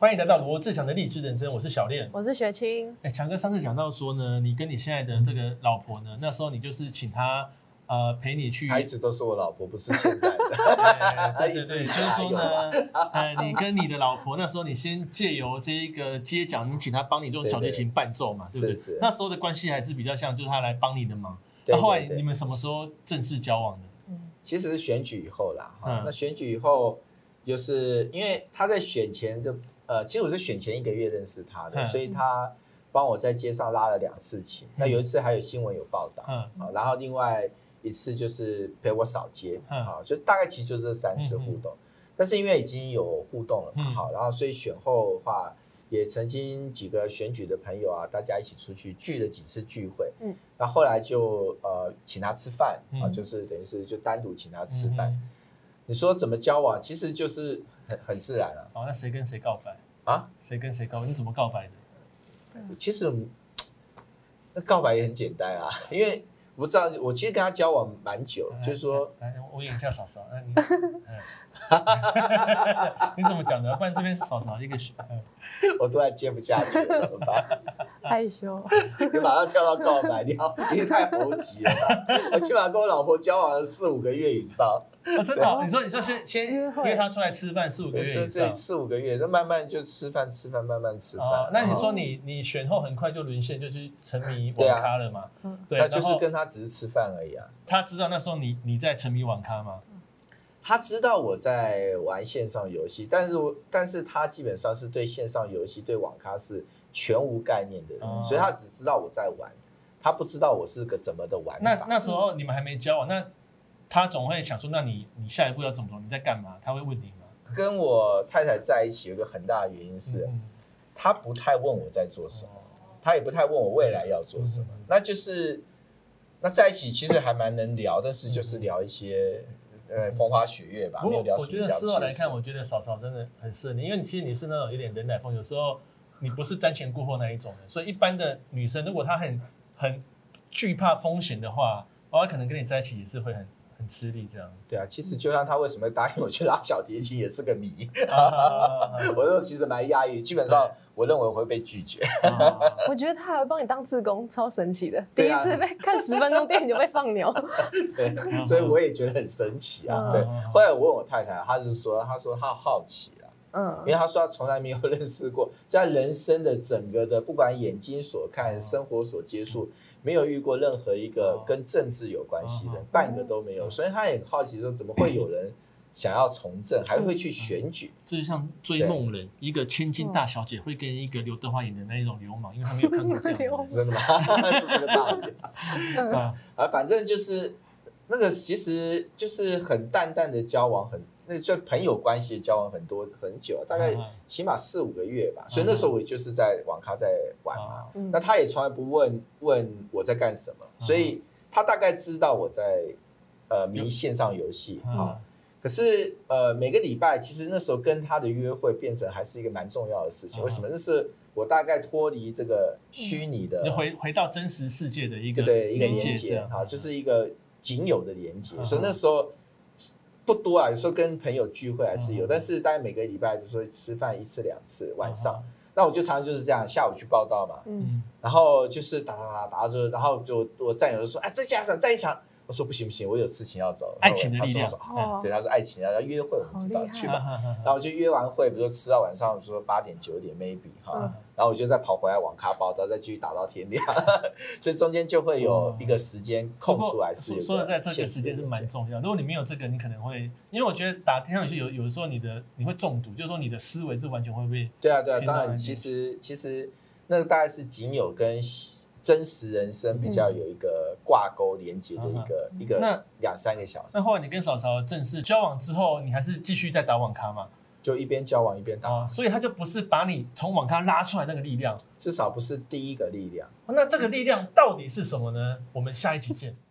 歡迎來到羅智強的荔枝人生。我是小練，我是雪青。哎，強哥上次講到說呢，你跟你現在的這個老婆呢，那時候你就是請她呃陪你去，一直都是我老婆，不是現在的。 對,對對對，就是說呢， 呃，你跟你的老婆 那時候你先借由這一個街講，你請她幫你用小提琴伴奏嘛，對對對不對是不是？那時候的關係還是比較像，就是她來幫你的忙。那、啊、後來你們什麼時候正式交往的、嗯？其實是選舉以後啦。嗯，那選舉以後，就是因為他在選前就。呃，其實我是選前一個月認識他的，嗯、所以他幫我在街上拉了兩次親、嗯，那有一次還有新聞有報道，嗯，好、嗯，然後另外一次就是陪我掃街，嗯，好、啊，就大概其實就這三次互動、嗯，但是因為已經有互動了嘛，好、嗯，然後所以選後的話也曾經幾個選舉的朋友啊，大家一起出去聚了幾次聚會，嗯，那後，後來就呃請他吃飯、嗯、啊，就是等於是就單獨請他吃飯。嗯嗯嗯你說怎麼交往，其實就是很很自然了，啊哦。那誰跟誰告白啊？誰跟誰告白？你怎麼告白的？其實告白也很簡單啊，因為我不知道，我其實跟他交往蠻久，哎，就是說，哎哎，來我也叫嫂嫂，那你， 哎， 你怎麼講的？不然這邊嫂嫂一個血，哎， 我突然接不下去了，怎麼辦？害羞， 你馬上跳到告白，你好，你太猴急了吧？ 我起碼跟我老婆交往了四五個月以上。哦、真的、哦 你，你說你說先先，先約他出來吃飯四五個月，對四五個月，就慢慢就吃飯吃飯，慢慢吃飯、哦。那你說你、哦、你選後很快就淪陷，就去沉迷網咖了嗎？對、啊，對就是跟他只是吃飯而已啊。他知道那時候你你在沉迷網咖嗎？他知道我在玩線上遊戲，但是我但是他基本上是對線上遊戲對網咖是全無概念的、哦，所以他只知道我在玩，他不知道我是個怎麼的玩法，那那時候你們還沒交往、嗯、那？他總會想說：“那你你下一步要怎麼做？你在幹嘛？”他會問你嗎？跟我太太在一起有一個很大的原因是，他、嗯嗯、不太問我在做什麼，他、哦、也不太問我未來要做什麼。嗯嗯，那就是那在一起其實還蠻能聊，但是就是聊一些呃、嗯嗯嗯、風花雪月吧。沒有聊什麼。我我覺得事後來看，我覺得嫂嫂真的很適合你，因為你其實你是那種有一點人來瘋，有時候你不是瞻前顧後那一種人。所以一般的女生如果她很很懼怕風險的話，她可能跟你在一起也是會很。很吃力，這樣，對啊。其實就像他為什麼答應我去拉小提琴也是個謎。 我說其實蠻訝異，基本上我認為我會被拒絕、 嗯。我覺得他還會幫你當志工，超神奇的、嗯嗯。第一次被看十分鐘電影就被放鳥，對，所以我也覺得很神奇啊。對，嗯嗯、後來我問我太太，她是說她說她好奇啊，嗯，因為她說她從來沒有認識過，在人生的整個的，不管眼睛所看、生活所接觸。嗯沒有遇過任何一個跟政治有關係的，哦、半個都沒有，哦哦、所以他也很好奇說，怎麼會有人想要從政，呃、還會去選舉，啊？這就像追夢人，一個千金大小姐會跟一個劉德華演的那一種流氓，哦、因為他沒有看過這樣，真的嗎？是這個道理。啊，反正就是那個，其實就是很淡淡的交往，很。那就朋友關係交往很多很久，啊，大概起碼四五個月吧。Uh -huh. 所以那時候我就是在網咖在玩嘛，uh -huh. 那他也從來不問問我在幹什麼，uh -huh. 所以他大概知道我在呃迷線上遊戲啊。Uh -huh. Uh -huh. 可是呃每個禮拜，其實那時候跟他的約會變成還是一個蠻重要的事情，uh -huh.。為什麼？那是我大概脫離這個虛擬的，回回到真實世界的一個對，對，對一個連接啊，uh -huh. 就是一個僅有的連接。Uh -huh. 所以那時候。不多啊，有時候跟朋友聚會還是有，嗯嗯、但是，大概每個禮拜就說吃飯一次兩次、嗯，晚上、嗯。那我就常常就是這樣，下午去報到嘛，嗯，然後就是打打打打，就然後就我戰友就說，哎、啊，再加上再一場。我說不行不行，我有事情要走了。愛情的力量。對他說，說：“嗯、他說愛情啊，要約會，我們知道，去吧。”然後我就約完會，比如說吃到晚上，說八點九點，maybe 哈、嗯。然後我就再跑回來網咖包，再繼續打到天亮。嗯、 所以中間就會有一個時間空出來是。是、哦，我說，說的在這個時間是蠻重要。如果你沒有這個，你可能會，因為我覺得打天上遊戲有有的時候你的你會中毒，就是說你的思維是完全會被。對啊對啊，當然其實其實那個大概是僅有跟真實人生比較有一個、嗯。掛鈎連接的一個、啊、一個那兩三個小時。那後來你跟嫂嫂正式交往之後，你還是繼續在打網咖嗎？就一邊交往一邊打。啊，所以他就不是把你從網咖拉出來那個力量，至少不是第一個力量。啊、那這個力量到底是什麼呢？我們下一期見。